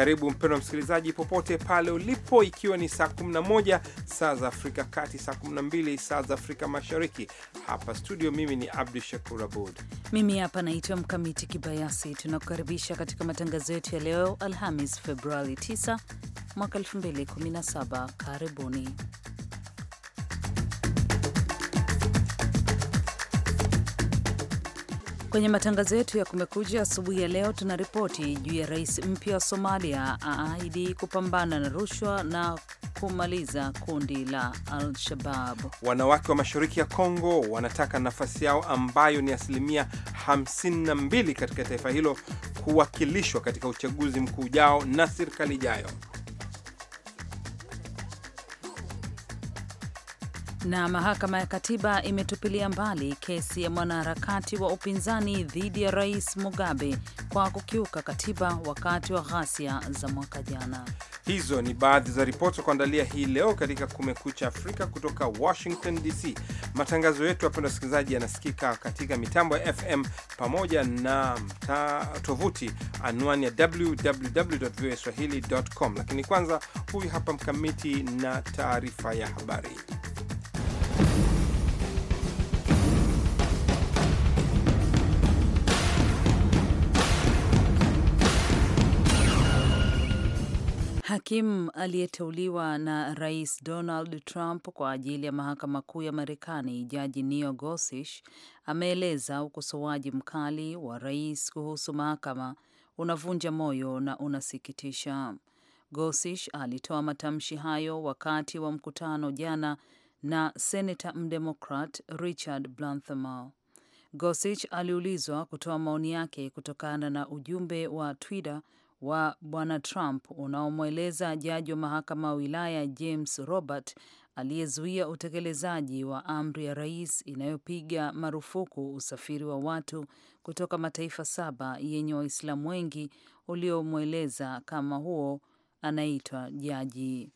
Karibu mpendwa msikilizaji, popote pale ulipo, ikiwa ni saa 11 saa za Afrika Kati, saa 12 saa za Afrika Mashariki. Hapa studio, mimi ni Abdu Shakur Abud, mimi hapa naitwa Mkamiti Kibayasi. Tunakukaribisha katika matangazo yetu ya leo Alhamis Februari 9 mwaka 2017. Karibuni. Kwenye matangazo yetu ya Kumekucha asubuhi ya leo, tuna ripoti juu ya rais mpya wa Somalia aahidi kupambana na rushwa na kumaliza kundi la Al-Shabab. Wanawake wa mashariki ya Kongo wanataka nafasi yao ambayo ni asilimia 52 katika taifa hilo kuwakilishwa katika uchaguzi mkuu ujao na serikali ijayo. Na mahakama ya katiba imetupilia mbali kesi ya mwanaharakati wa upinzani dhidi ya Rais Mugabe kwa kukiuka katiba wakati wa ghasia za mwaka jana. Hizo ni baadhi za ripoti za kuandalia hii leo katika Kumekucha Afrika kutoka Washington DC. Matangazo yetu, wapenda wasikilizaji, yanasikika katika mitambo ya FM pamoja na tovuti anwani ya www.voaswahili.com. Lakini kwanza, huyu hapa Mkamiti na taarifa ya habari. Hakimu aliyeteuliwa na Rais Donald Trump kwa ajili ya mahakama kuu ya Marekani, Jaji Neil Gorsuch ameeleza ukosoaji mkali wa rais kuhusu mahakama unavunja moyo na unasikitisha. Gorsuch alitoa matamshi hayo wakati wa mkutano jana na senata mdemokrat Richard Blumenthal. Gorsuch aliulizwa kutoa maoni yake kutokana na ujumbe wa Twitter wa Bwana Trump unaomweleza jaji wa mahakama ya wilaya James Robert aliyezuia utekelezaji wa amri ya rais inayopiga marufuku usafiri wa watu kutoka mataifa saba yenye Waislamu wengi uliomweleza kama huo anaitwa jaji.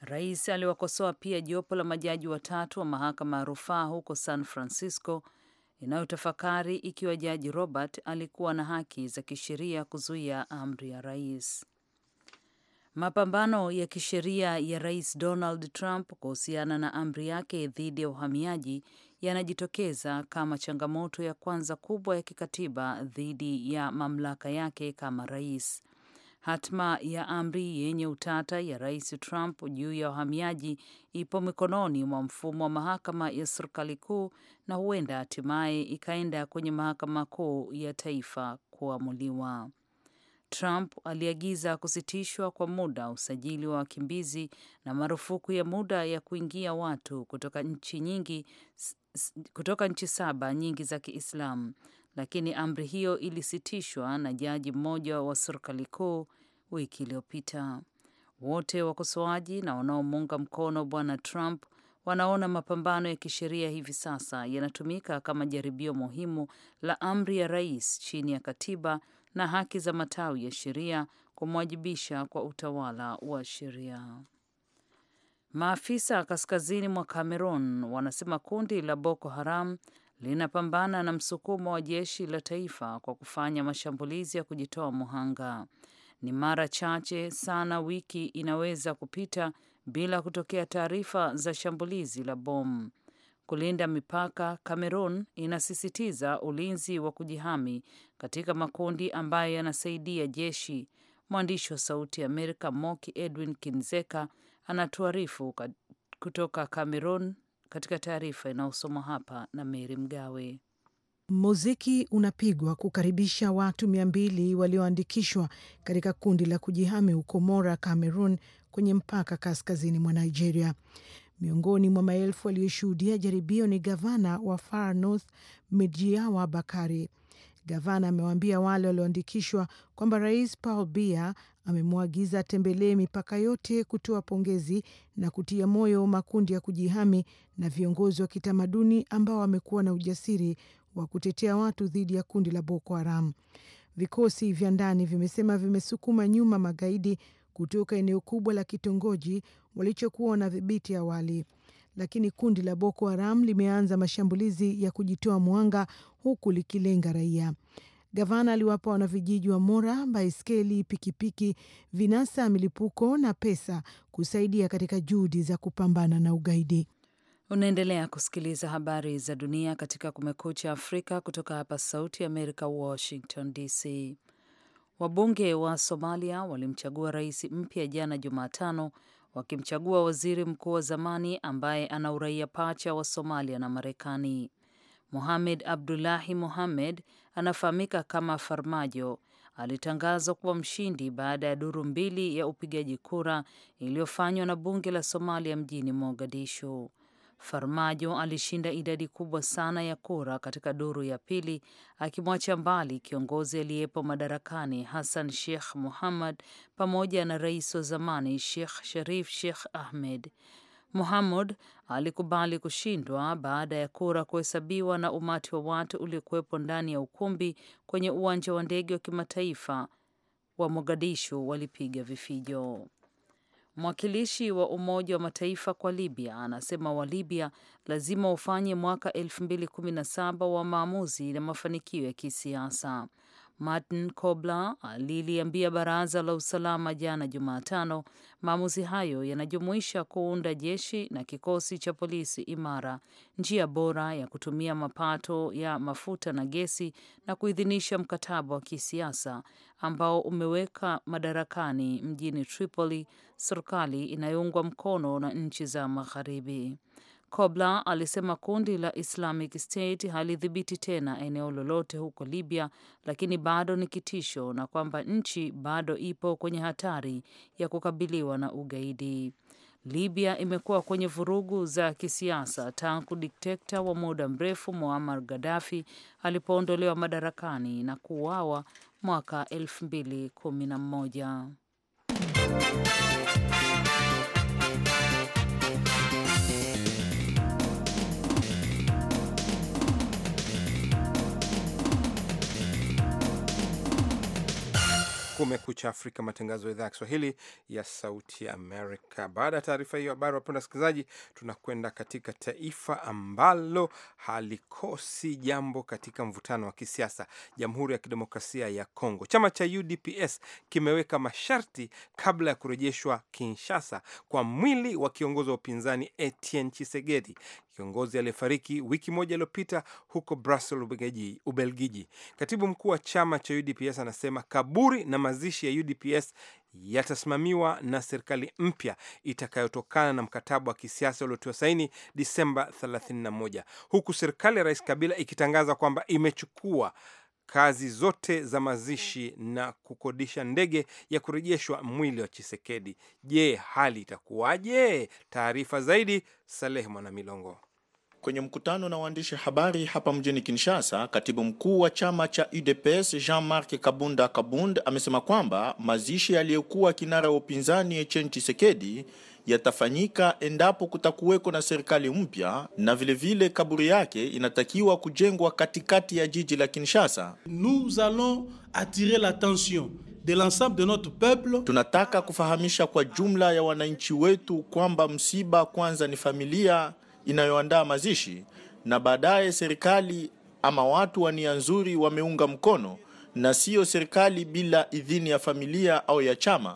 Rais aliwakosoa pia jopo la majaji watatu wa mahakama ya rufaa huko San Francisco inayotafakari ikiwa jaji Robert alikuwa na haki za kisheria kuzuia amri ya rais. Mapambano ya kisheria ya rais Donald Trump kuhusiana na amri yake dhidi ya uhamiaji yanajitokeza kama changamoto ya kwanza kubwa ya kikatiba dhidi ya mamlaka yake kama rais. Hatma ya amri yenye utata ya Rais Trump juu ya wahamiaji ipo mikononi mwa mfumo wa mahakama ya serikali kuu na huenda hatimaye ikaenda kwenye mahakama kuu ya taifa kuamuliwa. Trump aliagiza kusitishwa kwa muda usajili wa wakimbizi na marufuku ya muda ya kuingia watu kutoka nchi nyingi kutoka nchi saba nyingi za Kiislamu lakini amri hiyo ilisitishwa na jaji mmoja wa serikali kuu wiki iliyopita. Wote wakosoaji na wanaomuunga mkono bwana Trump wanaona mapambano ya kisheria hivi sasa yanatumika kama jaribio muhimu la amri ya rais chini ya katiba na haki za matawi ya sheria kumwajibisha kwa utawala wa sheria. Maafisa kaskazini mwa Cameroon wanasema kundi la Boko Haram linapambana na msukumo wa jeshi la taifa kwa kufanya mashambulizi ya kujitoa muhanga. Ni mara chache sana wiki inaweza kupita bila kutokea taarifa za shambulizi la bomu. Kulinda mipaka, cameron inasisitiza ulinzi wa kujihami katika makundi ambayo yanasaidia jeshi. Mwandishi wa Sauti ya Amerika Moki Edwin Kinzeka anatuarifu kutoka cameron katika taarifa inayosomwa hapa na Meri Mgawe. Muziki unapigwa kukaribisha watu mia mbili walioandikishwa katika kundi la kujihami huko Mora, Cameroon, kwenye mpaka kaskazini mwa Nigeria. Miongoni mwa maelfu aliyoshuhudia jaribio ni gavana wa Far North Mijiawa Bakari. Gavana amewaambia wale walioandikishwa kwamba Rais Paul bia amemwagiza atembelee mipaka yote kutoa pongezi na kutia moyo makundi ya kujihami na viongozi wa kitamaduni ambao wamekuwa na ujasiri wa kutetea watu dhidi ya kundi la Boko Haram. Vikosi vya ndani vimesema vimesukuma nyuma magaidi kutoka eneo kubwa la kitongoji walichokuwa wanadhibiti awali lakini kundi la Boko Haram limeanza mashambulizi ya kujitoa mwanga huku likilenga raia. Gavana aliwapa wanavijiji wa Mora baiskeli, pikipiki, vinasa, milipuko na pesa kusaidia katika juhudi za kupambana na ugaidi. Unaendelea kusikiliza habari za dunia katika Kumekucha Afrika kutoka hapa Sauti ya Amerika, Washington DC. Wabunge wa Somalia walimchagua rais mpya jana Jumatano, wakimchagua waziri mkuu wa zamani ambaye ana uraia pacha wa Somalia na Marekani. Mohamed Abdullahi Mohamed anafahamika kama Farmajo alitangazwa kuwa mshindi baada ya duru mbili ya upigaji kura iliyofanywa na bunge la Somalia mjini Mogadishu. Farmajo alishinda idadi kubwa sana ya kura katika duru ya pili, akimwacha mbali kiongozi aliyepo madarakani Hassan Sheikh Muhammad pamoja na rais wa zamani Sheikh Sharif Sheikh Ahmed. Muhammad alikubali kushindwa baada ya kura kuhesabiwa na umati wa watu uliokuwepo ndani ya ukumbi kwenye uwanja wa ndege wa kimataifa wa Mogadishu walipiga vifijo. Mwakilishi wa Umoja wa Mataifa kwa Libya anasema wa Libya lazima ufanye mwaka 2017 wa maamuzi na mafanikio ya kisiasa. Martin Kobler aliliambia baraza la usalama jana Jumatano, maamuzi hayo yanajumuisha kuunda jeshi na kikosi cha polisi imara, njia bora ya kutumia mapato ya mafuta na gesi, na kuidhinisha mkataba wa kisiasa ambao umeweka madarakani mjini Tripoli serikali inayoungwa mkono na nchi za Magharibi. Kobla alisema kundi la Islamic State halidhibiti tena eneo lolote huko Libya, lakini bado ni kitisho na kwamba nchi bado ipo kwenye hatari ya kukabiliwa na ugaidi. Libya imekuwa kwenye vurugu za kisiasa tangu dikteta wa muda mrefu Muammar Gaddafi alipoondolewa madarakani na kuuawa mwaka 2011. Kumekucha Afrika, matangazo ya idhaa ya Kiswahili ya Sauti Amerika. Baada ya taarifa hiyo habari, wapenda wasikilizaji, tunakwenda katika taifa ambalo halikosi jambo katika mvutano wa kisiasa, Jamhuri ya Kidemokrasia ya Kongo. Chama cha UDPS kimeweka masharti kabla ya kurejeshwa Kinshasa kwa mwili wa kiongozi wa upinzani Etienne Chisegedi kiongozi aliyefariki wiki moja iliyopita huko Brussels, Ubelgiji. Katibu mkuu wa chama cha UDPS anasema kaburi na mazishi ya UDPS yatasimamiwa na serikali mpya itakayotokana na mkataba wa kisiasa uliotiwa saini Disemba 31, huku serikali ya Rais Kabila ikitangaza kwamba imechukua kazi zote za mazishi na kukodisha ndege ya kurejeshwa mwili wa Chisekedi. Je, hali itakuwaje? Taarifa zaidi, Saleh Mwanamilongo. Kwenye mkutano na waandishi habari hapa mjini Kinshasa, katibu mkuu wa chama cha UDPS Jean-Marc Kabunda Kabund amesema kwamba mazishi yaliyokuwa kinara wa upinzani Etienne Tshisekedi yatafanyika endapo kutakuweko na serikali mpya, na vilevile vile kaburi yake inatakiwa kujengwa katikati ya jiji la Kinshasa. Nous allons attirer l'attention de l'ensemble de notre peuple. Tunataka kufahamisha kwa jumla ya wananchi wetu kwamba msiba kwanza ni familia inayoandaa mazishi na baadaye serikali ama watu wa nia nzuri wameunga mkono na siyo serikali bila idhini ya familia au ya chama.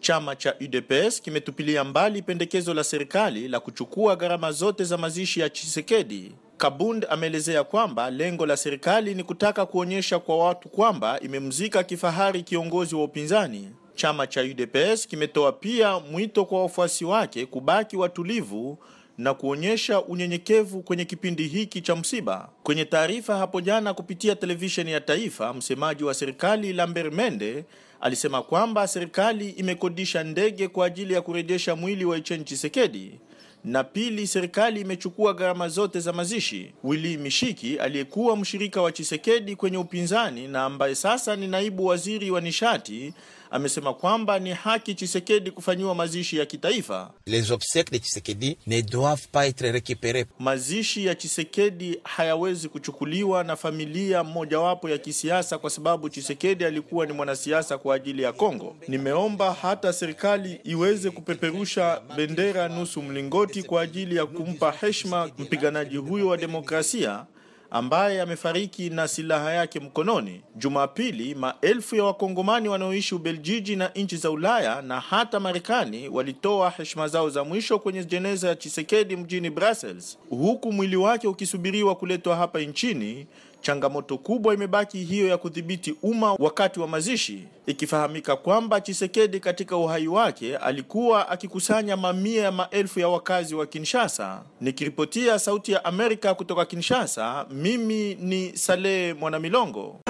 Chama cha UDPS kimetupilia mbali pendekezo la serikali la kuchukua gharama zote za mazishi ya Chisekedi. Kabund ameelezea kwamba lengo la serikali ni kutaka kuonyesha kwa watu kwamba imemzika kifahari kiongozi wa upinzani. Chama cha UDPS kimetoa pia mwito kwa wafuasi wake kubaki watulivu na kuonyesha unyenyekevu kwenye kipindi hiki cha msiba. Kwenye taarifa hapo jana kupitia televisheni ya taifa, msemaji wa serikali Lambert Mende alisema kwamba serikali imekodisha ndege kwa ajili ya kurejesha mwili wa Etienne Tshisekedi na pili, serikali imechukua gharama zote za mazishi. Willy Mishiki aliyekuwa mshirika wa Chisekedi kwenye upinzani na ambaye sasa ni naibu waziri wa nishati amesema kwamba ni haki Chisekedi kufanyiwa mazishi ya kitaifa. Les de Chisekedi ne doivent pas etre Mazishi ya Chisekedi hayawezi kuchukuliwa na familia mojawapo ya kisiasa, kwa sababu Chisekedi alikuwa ni mwanasiasa kwa ajili ya Kongo. Nimeomba hata serikali iweze kupeperusha bendera nusu mlingoti kwa ajili ya kumpa heshima mpiganaji huyo wa demokrasia ambaye amefariki na silaha yake mkononi. Jumapili, maelfu ya wakongomani wanaoishi Ubeljiji na nchi za Ulaya na hata Marekani walitoa heshima zao za mwisho kwenye jeneza ya Chisekedi mjini Brussels, huku mwili wake ukisubiriwa kuletwa hapa nchini Changamoto kubwa imebaki hiyo ya kudhibiti umma wakati wa mazishi, ikifahamika kwamba Chisekedi katika uhai wake alikuwa akikusanya mamia ya maelfu ya wakazi wa Kinshasa. Nikiripotia Sauti ya Amerika kutoka Kinshasa, mimi ni Saleh Mwanamilongo.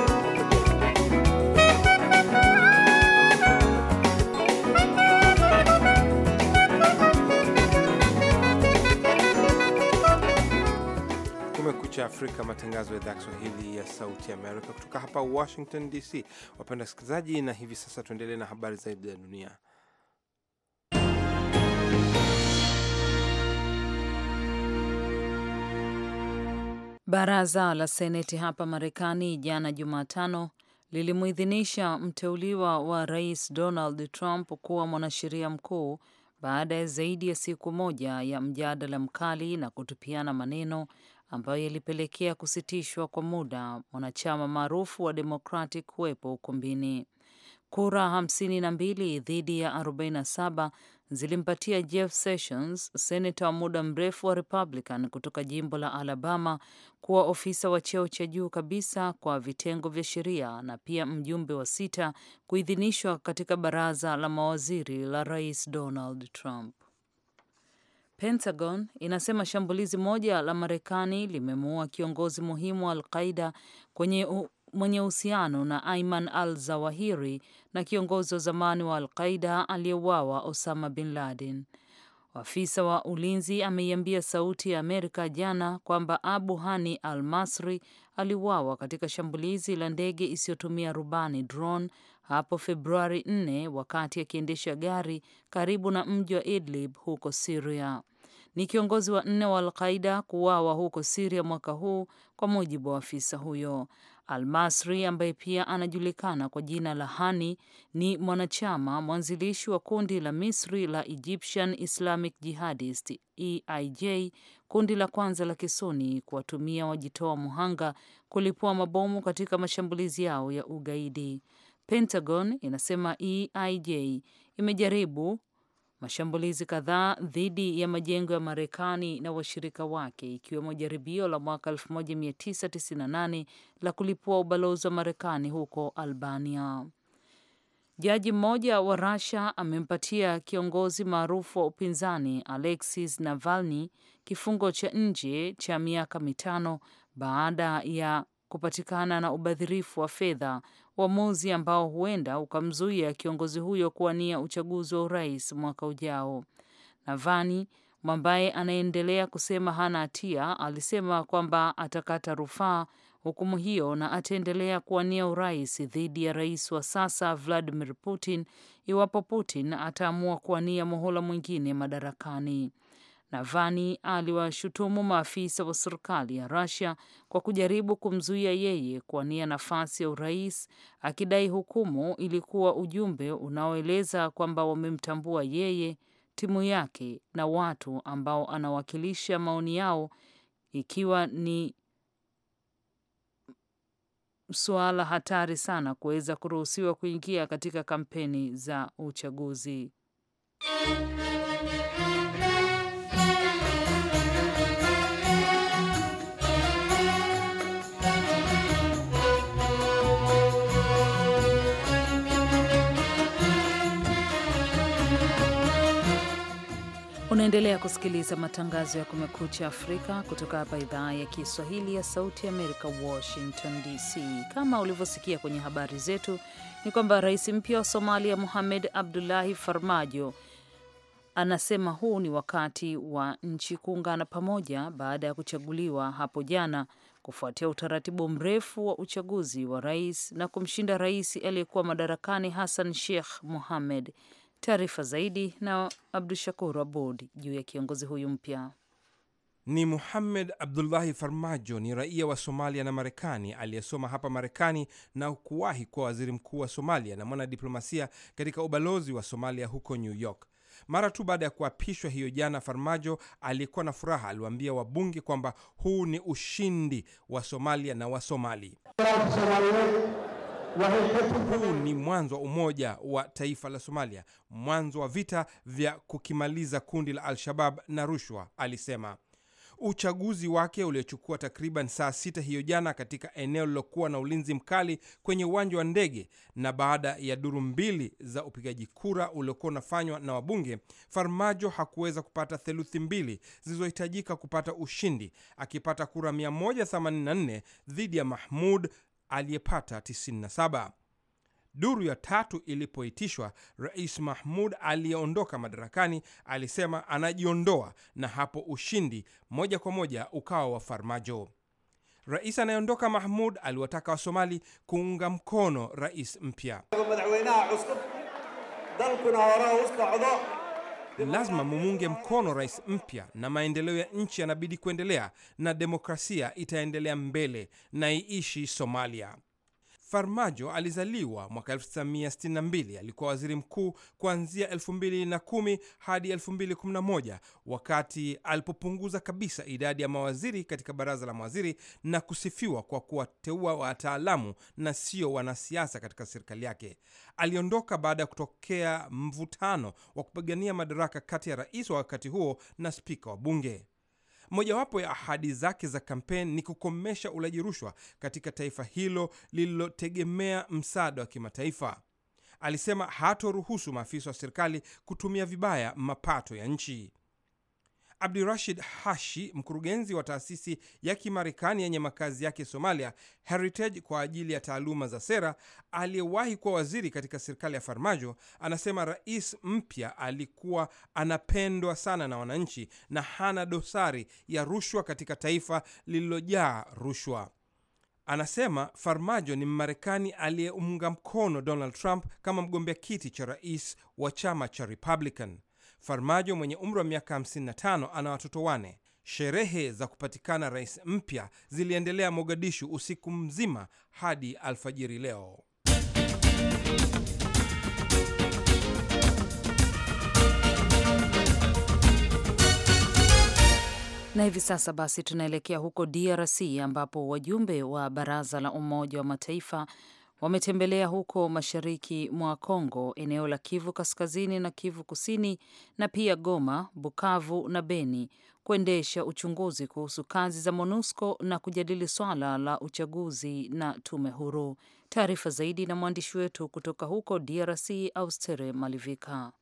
Kumekucha Afrika, matangazo ya idhaa Kiswahili ya Sauti Amerika kutoka hapa Washington DC. Wapenda wasikilizaji, na hivi sasa tuendelee na habari zaidi za dunia. Baraza la Seneti hapa Marekani jana Jumatano lilimuidhinisha mteuliwa wa Rais Donald Trump kuwa mwanasheria mkuu baada ya zaidi ya siku moja ya mjadala mkali na kutupiana maneno ambayo yalipelekea kusitishwa kwa muda mwanachama maarufu wa Democratic kuwepo ukumbini. Kura 52 dhidi ya 47 zilimpatia Jeff Sessions, seneta wa muda mrefu wa Republican kutoka jimbo la Alabama, kuwa ofisa wa cheo cha juu kabisa kwa vitengo vya sheria na pia mjumbe wa sita kuidhinishwa katika baraza la mawaziri la Rais Donald Trump. Pentagon inasema shambulizi moja la Marekani limemuua kiongozi muhimu wa Alqaida mwenye uhusiano na Aiman al Zawahiri na kiongozi wa zamani wa Alqaida aliyeuawa Osama bin Laden. Afisa wa ulinzi ameiambia Sauti ya Amerika jana kwamba Abu Hani al Masri aliuawa katika shambulizi la ndege isiyotumia rubani drone hapo Februari 4 wakati akiendesha gari karibu na mji wa Idlib huko Siria ni kiongozi wa nne wa Alqaida kuuawa huko Siria mwaka huu, kwa mujibu wa afisa huyo. Almasri ambaye pia anajulikana kwa jina la Hani ni mwanachama mwanzilishi wa kundi la Misri la Egyptian Islamic Jihadist EIJ, kundi la kwanza la kisuni kuwatumia wajitoa muhanga kulipua mabomu katika mashambulizi yao ya ugaidi. Pentagon inasema EIJ imejaribu Mashambulizi kadhaa dhidi ya majengo ya Marekani na washirika wake, ikiwemo jaribio la mwaka 1998 la kulipua ubalozi wa Marekani huko Albania. Jaji mmoja wa Russia amempatia kiongozi maarufu wa upinzani Alexis Navalny kifungo cha nje cha miaka mitano baada ya kupatikana na ubadhirifu wa fedha uamuzi ambao huenda ukamzuia kiongozi huyo kuwania uchaguzi wa urais mwaka ujao. Navani ambaye anaendelea kusema hana hatia alisema kwamba atakata rufaa hukumu hiyo na ataendelea kuwania urais dhidi ya rais wa sasa Vladimir Putin iwapo Putin ataamua kuwania muhula mwingine madarakani. Navani aliwashutumu maafisa wa serikali ya rasia kwa kujaribu kumzuia yeye kuwania nafasi ya urais, akidai hukumu ilikuwa ujumbe unaoeleza kwamba wamemtambua yeye, timu yake na watu ambao anawakilisha maoni yao, ikiwa ni suala hatari sana kuweza kuruhusiwa kuingia katika kampeni za uchaguzi. Unaendelea kusikiliza matangazo ya Kumekucha Afrika kutoka hapa idhaa ya Kiswahili ya Sauti Amerika, Washington DC. Kama ulivyosikia kwenye habari zetu, ni kwamba rais mpya wa Somalia Mohamed Abdullahi Farmajo anasema huu ni wakati wa nchi kuungana pamoja baada ya kuchaguliwa hapo jana kufuatia utaratibu mrefu wa uchaguzi wa rais na kumshinda rais aliyekuwa madarakani Hassan Sheikh Mohamed. Taarifa zaidi na Abdu Shakur Abud juu ya kiongozi huyu mpya ni Muhammed Abdullahi Farmajo. Ni raia wa Somalia na Marekani aliyesoma hapa Marekani na kuwahi kuwa waziri mkuu wa Somalia na mwanadiplomasia katika ubalozi wa Somalia huko New York. Mara tu baada ya kuapishwa hiyo jana, Farmajo aliyekuwa na furaha, aliwaambia wabunge kwamba huu ni ushindi wa Somalia na Wasomali. Huu ni mwanzo wa umoja wa taifa la Somalia, mwanzo wa vita vya kukimaliza kundi la Al-Shabab na rushwa, alisema uchaguzi wake uliochukua takriban saa sita hiyo jana katika eneo lilokuwa na ulinzi mkali kwenye uwanja wa ndege. Na baada ya duru mbili za upigaji kura uliokuwa unafanywa na wabunge, Farmajo hakuweza kupata theluthi mbili zilizohitajika kupata ushindi, akipata kura 184 dhidi ya Mahmud aliyepata 97. Duru ya tatu ilipoitishwa, Rais Mahmud aliyeondoka madarakani alisema anajiondoa, na hapo ushindi moja kwa moja ukawa wa Farmajo. Rais anayeondoka Mahmud aliwataka Wasomali kuunga mkono rais mpya. Lazima mumunge mkono rais mpya, na maendeleo ya nchi yanabidi kuendelea, na demokrasia itaendelea mbele na iishi Somalia. Farmajo alizaliwa mwaka 1962. Alikuwa waziri mkuu kuanzia 2010 hadi 2011, wakati alipopunguza kabisa idadi ya mawaziri katika baraza la mawaziri na kusifiwa kwa kuwateua wataalamu na sio wanasiasa katika serikali yake. Aliondoka baada ya kutokea mvutano wa kupigania madaraka kati ya rais wa wakati huo na spika wa bunge. Mojawapo ya ahadi zake za kampeni ni kukomesha ulaji rushwa katika taifa hilo lililotegemea msaada wa kimataifa. Alisema hatoruhusu maafisa wa serikali kutumia vibaya mapato ya nchi abdurashid Hashi, mkurugenzi wa taasisi ya Kimarekani yenye makazi yake Somalia, Heritage kwa ajili ya taaluma za sera, aliyewahi kuwa waziri katika serikali ya Farmajo, anasema rais mpya alikuwa anapendwa sana na wananchi na hana dosari ya rushwa katika taifa lililojaa rushwa. Anasema Farmajo ni Mmarekani aliyeunga mkono Donald Trump kama mgombea kiti cha rais wa chama cha Republican. Farmajo mwenye umri wa miaka 55 ana watoto wane. Sherehe za kupatikana rais mpya ziliendelea Mogadishu usiku mzima hadi alfajiri leo. Na hivi sasa basi tunaelekea huko DRC ambapo wajumbe wa Baraza la Umoja wa Mataifa wametembelea huko mashariki mwa Kongo, eneo la Kivu kaskazini na Kivu kusini, na pia Goma, Bukavu na Beni kuendesha uchunguzi kuhusu kazi za MONUSCO na kujadili swala la uchaguzi na tume huru. Taarifa zaidi na mwandishi wetu kutoka huko DRC, Austere Malivika.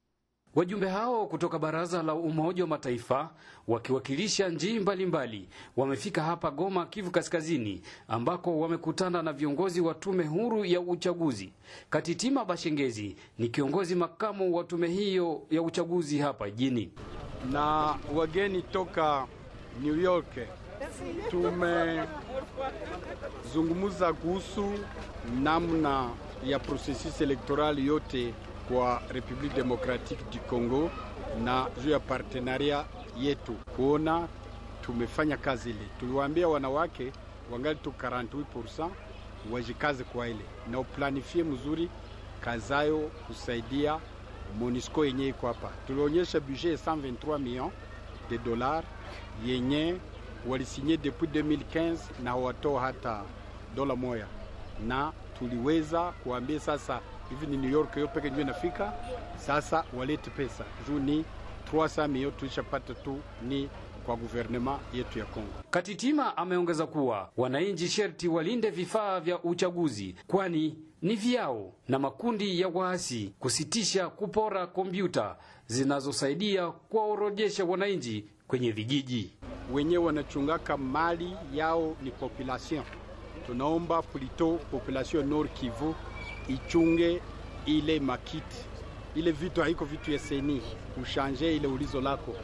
Wajumbe hao kutoka Baraza la Umoja wa Mataifa wakiwakilisha njii mbalimbali wamefika hapa Goma, Kivu Kaskazini, ambako wamekutana na viongozi wa tume huru ya uchaguzi. Katitima Bashengezi ni kiongozi makamu wa tume hiyo ya uchaguzi hapa jini Na wageni toka New York tumezungumza kuhusu namna ya prosesi elektorali yote kwa Republic Democratic du Congo na juu ya partenaria yetu, kuona tumefanya kazi ile. Tuliwaambia wanawake wangali tu 48% wajikaze kwa ile na uplanifie mzuri kazayo kusaidia MONUSCO yenye iko hapa. Tulionyesha budget 123 millions de dollars yenye walisinye depuis 2015 na hawatoa hata dola moya, na tuliweza kuambia sasa hivi ni New York, hiyo package inafika sasa, walete pesa juu ni 300 milioni tulishapata tu ni kwa guvernema yetu ya Kongo. Katitima ameongeza kuwa wananchi sherti walinde vifaa vya uchaguzi kwani ni vyao na makundi ya waasi, kusitisha kupora kompyuta zinazosaidia kuwaorojesha wananchi kwenye vijiji. Wenyewe wanachungaka mali yao ni population. Tunaomba plito population Nord Kivu ichunge ile makiti ile vitu, haiko vitu ya seni kushanje ile ulizo lako,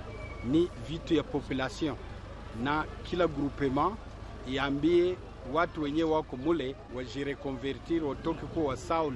ni vitu ya population, na kila groupement iambie watu wenyewe wako mule wajirekonvertir, watoke kuwa wasaul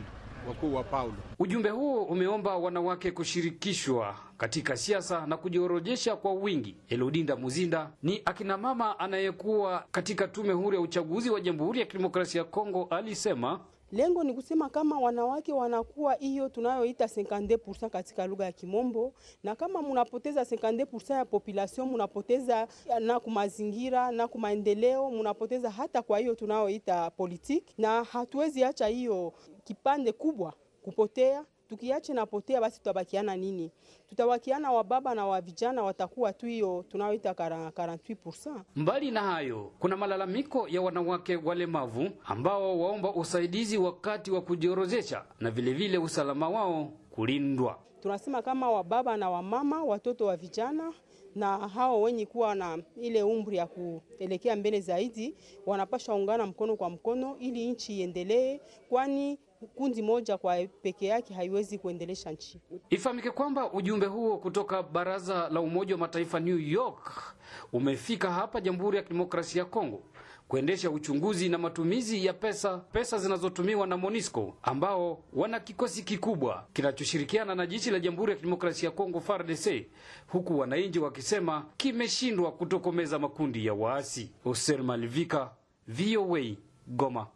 wakuu wa Paulo. Ujumbe huo umeomba wanawake kushirikishwa katika siasa na kujiorojesha kwa wingi. Elodinda Muzinda ni akina mama anayekuwa katika tume huru ya uchaguzi wa Jamhuri ya Kidemokrasia ya Kongo, alisema Lengo ni kusema kama wanawake wanakuwa hiyo tunayoita 52% katika lugha ya Kimombo, na kama munapoteza 52% ya population, munapoteza na kumazingira na kumaendeleo, munapoteza hata kwa hiyo tunayoita politiki, na hatuwezi acha hiyo kipande kubwa kupotea tukiache napotea, basi tutabakiana nini? Tutabakiana wababa na wa vijana watakuwa tu hiyo tunaoita 48%. Mbali na hayo, kuna malalamiko ya wanawake walemavu ambao waomba usaidizi wakati wa kujiorozesha na vilevile vile usalama wao kulindwa. Tunasema kama wababa na wa mama watoto wa vijana na hao wenye kuwa na ile umri ya kuelekea mbele zaidi wanapasha ungana mkono kwa mkono ili nchi iendelee, kwani kundi moja kwa peke yake haiwezi kuendelesha nchi. Ifahamike kwamba ujumbe huo kutoka Baraza la Umoja wa Mataifa New York umefika hapa Jamhuri ya Kidemokrasia ya Kongo kuendesha uchunguzi na matumizi ya pesa pesa zinazotumiwa na Monisco ambao wana kikosi kikubwa kinachoshirikiana na jeshi la Jamhuri ya Kidemokrasia ya Kongo FARDC, huku wananchi wakisema kimeshindwa kutokomeza makundi ya waasi. Oser Malivika, VOA, Goma.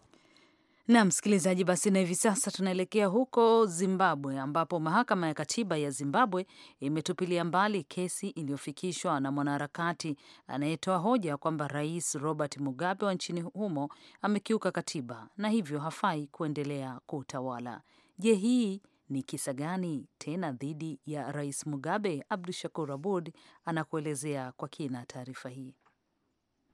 Na msikilizaji, basi na hivi sasa tunaelekea huko Zimbabwe, ambapo mahakama ya katiba ya Zimbabwe imetupilia mbali kesi iliyofikishwa na mwanaharakati anayetoa hoja kwamba Rais Robert Mugabe wa nchini humo amekiuka katiba na hivyo hafai kuendelea kutawala. Je, hii ni kisa gani tena dhidi ya Rais Mugabe? Abdu Shakur Abud anakuelezea kwa kina taarifa hii.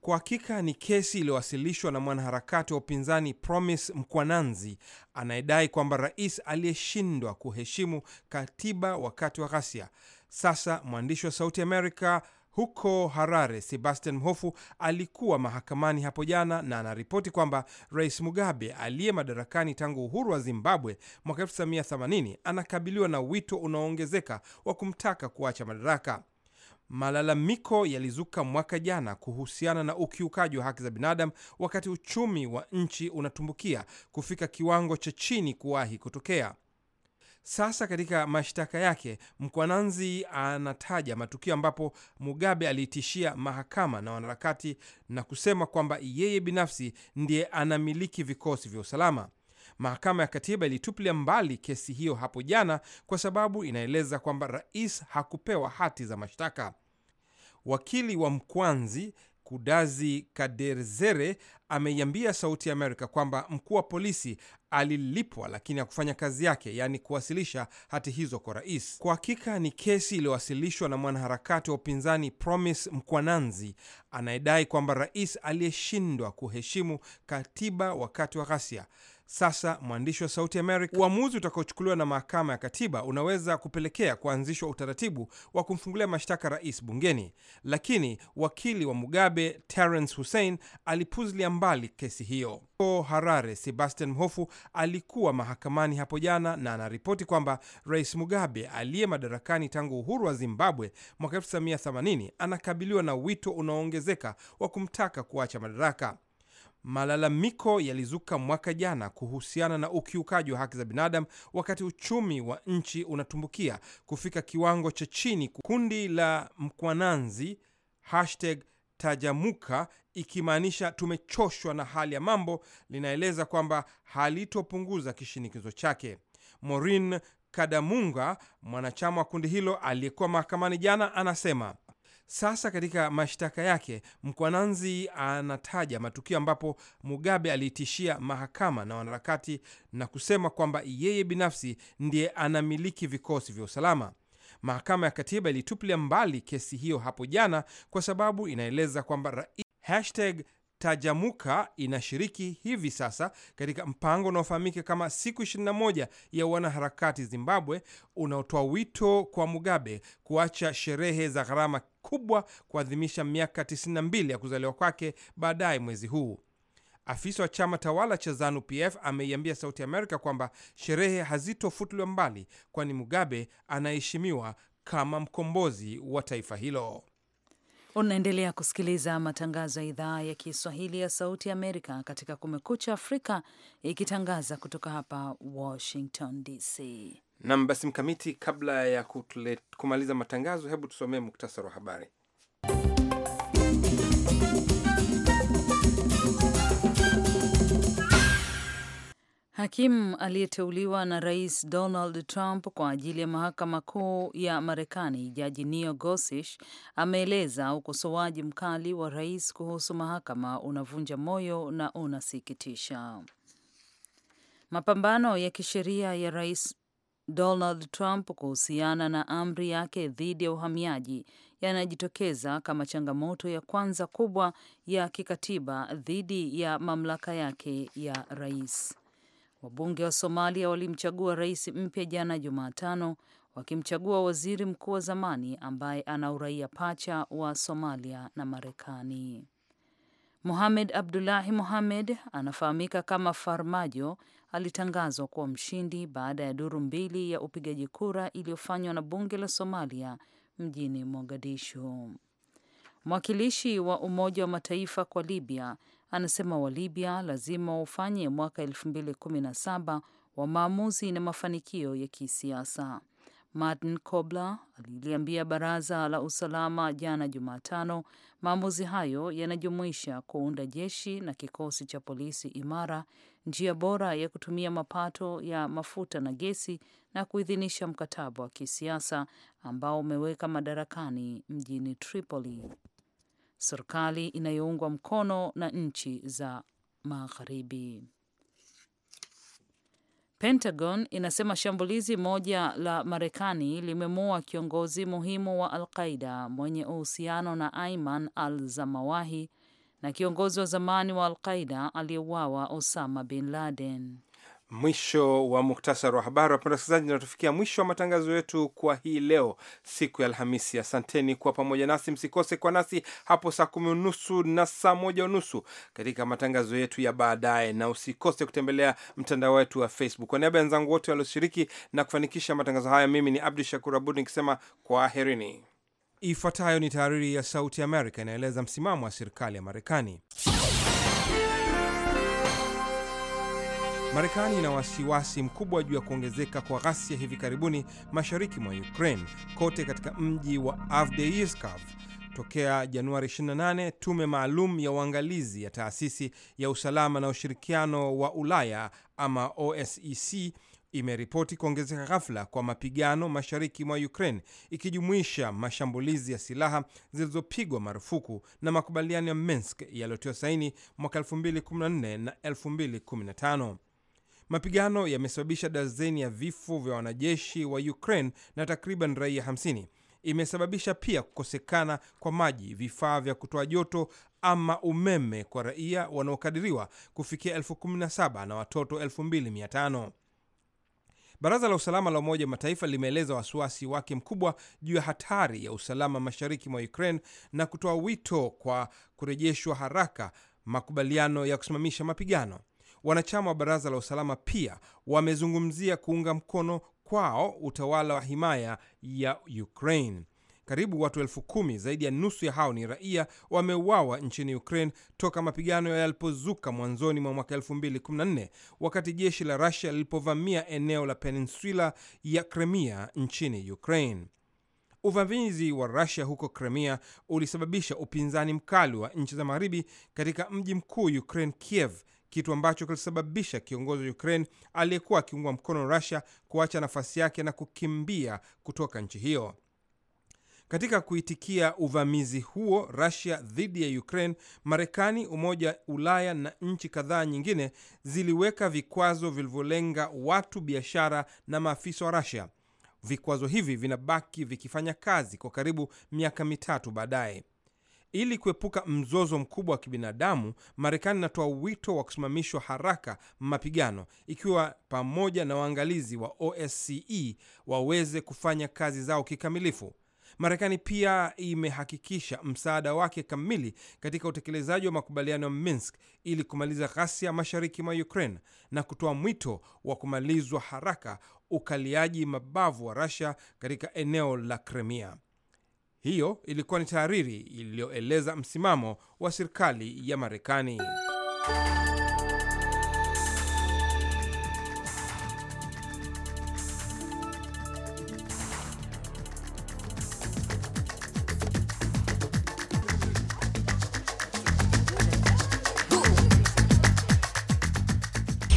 Kwa hakika ni kesi iliyowasilishwa na mwanaharakati wa upinzani Promise Mkwananzi anayedai kwamba rais aliyeshindwa kuheshimu katiba wakati wa ghasia. Sasa mwandishi wa Sauti Amerika huko Harare, Sebastian Mhofu alikuwa mahakamani hapo jana na anaripoti kwamba Rais Mugabe aliye madarakani tangu uhuru wa Zimbabwe mwaka 1980 anakabiliwa na wito unaoongezeka wa kumtaka kuacha madaraka. Malalamiko yalizuka mwaka jana kuhusiana na ukiukaji wa haki za binadamu wakati uchumi wa nchi unatumbukia kufika kiwango cha chini kuwahi kutokea. Sasa katika mashtaka yake Mkwananzi anataja matukio ambapo Mugabe aliitishia mahakama na wanaharakati na kusema kwamba yeye binafsi ndiye anamiliki vikosi vya usalama. Mahakama ya Katiba ilitupilia mbali kesi hiyo hapo jana kwa sababu inaeleza kwamba rais hakupewa hati za mashtaka. Wakili wa Mkwanzi Kudazi Kaderzere ameiambia Sauti ya Amerika kwamba mkuu wa polisi alilipwa lakini hakufanya kazi yake, yaani kuwasilisha hati hizo kwa rais. Kwa hakika ni kesi iliyowasilishwa na mwanaharakati wa upinzani Promise Mkwananzi anayedai kwamba rais aliyeshindwa kuheshimu katiba wakati wa ghasia. Sasa mwandishi wa Sauti America, uamuzi utakaochukuliwa na mahakama ya katiba unaweza kupelekea kuanzishwa utaratibu wa kumfungulia mashtaka rais bungeni, lakini wakili wa Mugabe Terence Hussein alipuzilia mbali kesi hiyo. Harare, Sebastian Mhofu alikuwa mahakamani hapo jana na anaripoti kwamba Rais Mugabe aliye madarakani tangu uhuru wa Zimbabwe mwaka 1980 anakabiliwa na wito unaoongezeka wa kumtaka kuacha madaraka. Malalamiko yalizuka mwaka jana kuhusiana na ukiukaji wa haki za binadamu wakati uchumi wa nchi unatumbukia kufika kiwango cha chini, kundi la Mkwananzi hashtag Tajamuka ikimaanisha tumechoshwa na hali ya mambo, linaeleza kwamba halitopunguza kishinikizo chake. Maureen Kadamunga, mwanachama wa kundi hilo aliyekuwa mahakamani jana, anasema sasa katika mashtaka yake Mkwananzi anataja matukio ambapo Mugabe aliitishia mahakama na wanaharakati na kusema kwamba yeye binafsi ndiye anamiliki vikosi vya usalama. Mahakama ya Katiba ilitupilia mbali kesi hiyo hapo jana kwa sababu inaeleza kwamba Tajamuka inashiriki hivi sasa katika mpango unaofahamika kama siku 21 ya wanaharakati Zimbabwe unaotoa wito kwa Mugabe kuacha sherehe za gharama kubwa kuadhimisha miaka 92 ya kuzaliwa kwake baadaye mwezi huu. Afisa wa chama tawala cha ZANU PF ameiambia Sauti Amerika kwamba sherehe hazitofutuliwa mbali, kwani Mugabe anaheshimiwa kama mkombozi wa taifa hilo. Unaendelea kusikiliza matangazo ya idhaa ya Kiswahili ya Sauti Amerika katika Kumekucha Afrika, ikitangaza kutoka hapa Washington DC. Nam basi, Mkamiti, kabla ya kutulet, kumaliza matangazo, hebu tusomee muktasari wa habari. Hakimu aliyeteuliwa na Rais Donald Trump kwa ajili ya mahakama kuu ya Marekani, Jaji Neil Gorsuch ameeleza ukosoaji mkali wa rais kuhusu mahakama unavunja moyo na unasikitisha. Mapambano ya kisheria ya Rais Donald Trump kuhusiana na amri yake dhidi ya uhamiaji yanajitokeza kama changamoto ya kwanza kubwa ya kikatiba dhidi ya mamlaka yake ya rais. Wabunge wa Somalia walimchagua rais mpya jana Jumatano, wakimchagua waziri mkuu wa zamani ambaye ana uraia pacha wa Somalia na Marekani. Mohamed Abdullahi Mohamed anafahamika kama Farmajo alitangazwa kuwa mshindi baada ya duru mbili ya upigaji kura iliyofanywa na bunge la Somalia mjini Mogadishu. Mwakilishi wa Umoja wa Mataifa kwa Libya anasema wa Libya lazima waufanye mwaka 2017 wa maamuzi na mafanikio ya kisiasa. Martin Kobler aliliambia baraza la usalama jana Jumatano, maamuzi hayo yanajumuisha kuunda jeshi na kikosi cha polisi imara, njia bora ya kutumia mapato ya mafuta na gesi, na kuidhinisha mkataba wa kisiasa ambao umeweka madarakani mjini Tripoli serikali inayoungwa mkono na nchi za Magharibi. Pentagon inasema shambulizi moja la Marekani limemuua kiongozi muhimu wa Alqaida mwenye uhusiano na Aiman al Zamawahi na kiongozi wa zamani wa Alqaida aliyeuawa Osama bin Laden. Mwisho wa muhtasari wa habari. Wapenda wasikilizaji, natufikia mwisho wa matangazo yetu kwa hii leo, siku ya Alhamisi. Asanteni kuwa pamoja nasi, msikose kwa nasi hapo saa kumi unusu na saa moja unusu katika matangazo yetu ya baadaye, na usikose kutembelea mtandao wetu wa Facebook. Kwa niaba ya wenzangu wote walioshiriki na kufanikisha matangazo haya, mimi ni Abdu Shakur Abud nikisema kwaherini. Ifuatayo ni tahariri ya Sauti Amerika inaeleza msimamo wa serikali ya Marekani. Marekani ina wasiwasi mkubwa juu ya kuongezeka kwa ghasia hivi karibuni mashariki mwa Ukraine, kote katika mji wa Avdiivka. Tokea Januari 28 tume maalum ya uangalizi ya taasisi ya usalama na ushirikiano wa Ulaya ama OSEC imeripoti kuongezeka ghafla kwa mapigano mashariki mwa Ukraine ikijumuisha mashambulizi ya silaha zilizopigwa marufuku na makubaliano ya Minsk yaliyotiwa saini mwaka 2014 na 2015. Mapigano yamesababisha dazeni ya vifo vya wanajeshi wa Ukraine na takriban raia 50. Imesababisha pia kukosekana kwa maji, vifaa vya kutoa joto ama umeme kwa raia wanaokadiriwa kufikia elfu kumi na saba na watoto elfu mbili mia tano. Baraza la usalama la Umoja wa Mataifa limeeleza wasiwasi wake mkubwa juu ya hatari ya usalama mashariki mwa Ukraine na kutoa wito kwa kurejeshwa haraka makubaliano ya kusimamisha mapigano. Wanachama wa baraza la usalama pia wamezungumzia kuunga mkono kwao utawala wa himaya ya Ukraine. Karibu watu elfu kumi, zaidi ya nusu ya hao ni raia, wameuawa nchini Ukraine toka mapigano yalipozuka mwanzoni mwa mwaka 2014 wakati jeshi la Rusia lilipovamia eneo la peninsula ya Crimea nchini Ukraine. Uvamizi wa Rusia huko Crimea ulisababisha upinzani mkali wa nchi za magharibi katika mji mkuu Ukraine, Kiev, kitu ambacho kilisababisha kiongozi wa Ukraine aliyekuwa akiungwa mkono Russia kuacha nafasi yake na kukimbia kutoka nchi hiyo. Katika kuitikia uvamizi huo Russia dhidi ya Ukraine, Marekani, Umoja Ulaya na nchi kadhaa nyingine ziliweka vikwazo vilivyolenga watu, biashara na maafisa wa Russia. Vikwazo hivi vinabaki vikifanya kazi kwa karibu miaka mitatu baadaye. Ili kuepuka mzozo mkubwa wa kibinadamu, Marekani inatoa wito wa kusimamishwa haraka mapigano, ikiwa pamoja na waangalizi wa OSCE waweze kufanya kazi zao kikamilifu. Marekani pia imehakikisha msaada wake kamili katika utekelezaji wa makubaliano ya Minsk ili kumaliza ghasia mashariki mwa Ukraine na kutoa mwito wa kumalizwa haraka ukaliaji mabavu wa Russia katika eneo la Crimea. Hiyo ilikuwa ni tahariri iliyoeleza msimamo wa serikali ya Marekani.